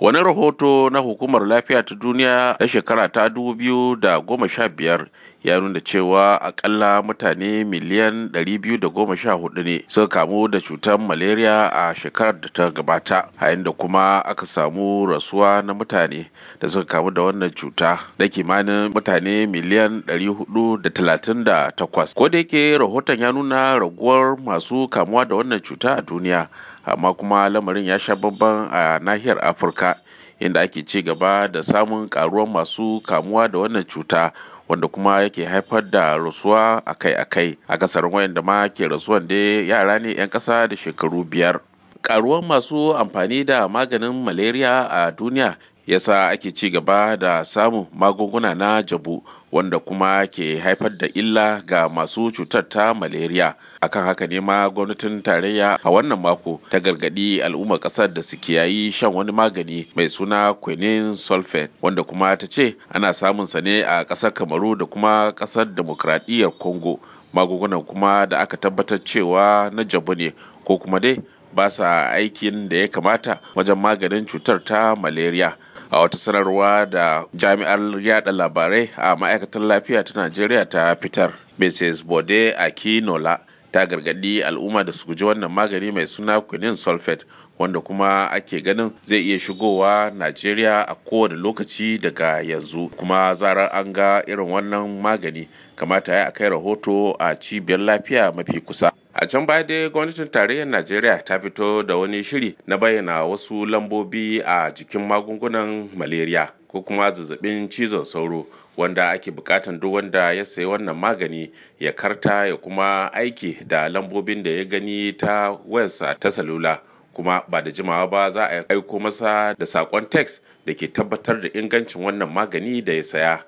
wani rahoto na hukumar lafiya ta duniya na shekara ta 2015 ya nuna cewa akalla mutane miliyan 214 ne suka kamu da cutar malaria a shekarar da ta gabata a da kuma aka samu rasuwa na mutane da suka kamu da wannan cuta da kimanin mutane miliyan 438 ko da yake rahoton ya nuna raguwar masu kamuwa da wannan cuta a duniya amma kuma lamarin ya sha babban a nahiyar afirka inda ake ci gaba da samun karuwar masu kamuwa da wannan cuta wanda kuma yake haifar da rasuwa akai-akai a kasar wayanda ma ke rasuwan da yara ne 'yan ƙasa da shekaru biyar karuwar masu amfani da maganin malaria a duniya yasa ake ci gaba da samun magunguna na jabu wanda kuma ke haifar da illa ga masu cutar ta malaria akan haka ne ma gwamnatin tarayya a wannan mako ta gargadi al'ummar kasar da su kiyayi shan wani magani mai suna quinine sulfate wanda kuma ta ce ana samun sa ne a kasar kamaru da kuma kasar demokradiyyar congo magungunan kuma da aka tabbatar cewa na jabu ne ko kuma dai ba sa aikin da ya kamata wajen maganin cutar ta malaria a wata sanarwa da jami'ar yada labarai a ma'aikatar lafiya ta najeriya ta fitar mrs bode akinola ta gargadi al'umma da su guji wannan magani mai suna quinine sulfate wanda kuma ake ganin zai iya shigowa najeriya a kowane lokaci daga yanzu kuma zarar an ga irin wannan magani kamata ya kai rahoto a cibiyar lafiya mafi kusa a can baya dai gwamnatin tarayyar najeriya ta fito da wani shiri na bayyana wasu lambobi a jikin magungunan malaria ko kuma zazzabin cizon sauro wanda ake bukatan duk wanda ya sayi wannan magani ya karta ya kuma aiki da lambobin da ya gani ta wayarsa ta salula kuma ba da jimawa ba za a aiko masa da saƙon text da ke tabbatar da ingancin wannan magani da ya saya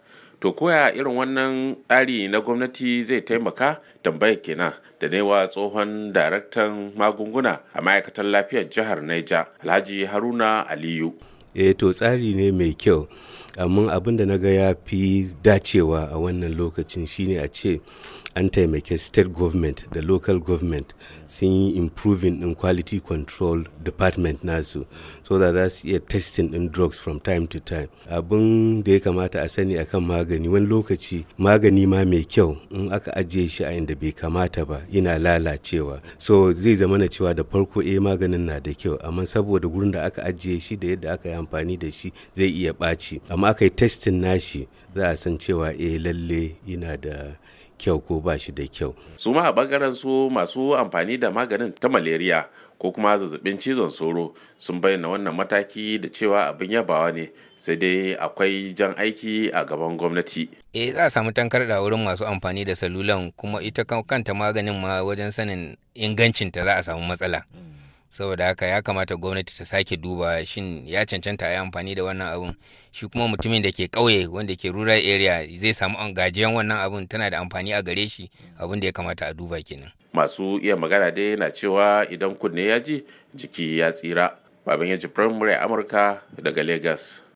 to koya irin wannan tsari na gwamnati zai taimaka tambayar kenan da newa tsohon daraktan magunguna a ma'aikatar lafiyar jihar Niger Alhaji Haruna Aliyu. Eh to tsari ne mai kyau amma abin da na ga ya fi dacewa a wannan lokacin shine a ce an taimake state government da local government sun yi improving in quality control department nasu so da za su iya testing in drugs from time to time abin da ya kamata a sani akan magani wani lokaci magani ma mai kyau in aka ajiye shi a inda bai kamata ba yana lalacewa so zai zama na cewa da farko eh maganin na da kyau amma saboda gurin da aka ajiye shi da yadda aka yi amfani da shi zai iya ɓaci amma aka yi testing nashi za a san cewa eh lalle yana da kyau ko ba shi da kyau su ma a bangaren su masu amfani da maganin ta malaria ko kuma zazzabin cizon sauro sun bayyana wannan mataki da cewa abin yabawa ne sai dai akwai jan aiki a gaban gwamnati e za a samu tankarda wurin masu amfani da salulan kuma ita kanta maganin ma wajen sanin ingancinta za a samu matsala saboda haka ya kamata gwamnati ta sake duba shin ya cancanta a yi amfani da wannan abun shi kuma mutumin da ke kauye wanda ke rural area zai samu an gajiyan wannan abun tana da amfani a gare shi abun da ya kamata a duba kenan masu iya magana dai na cewa idan kunne ya ji jiki ya tsira baban yaji ji firamare amurka daga lagos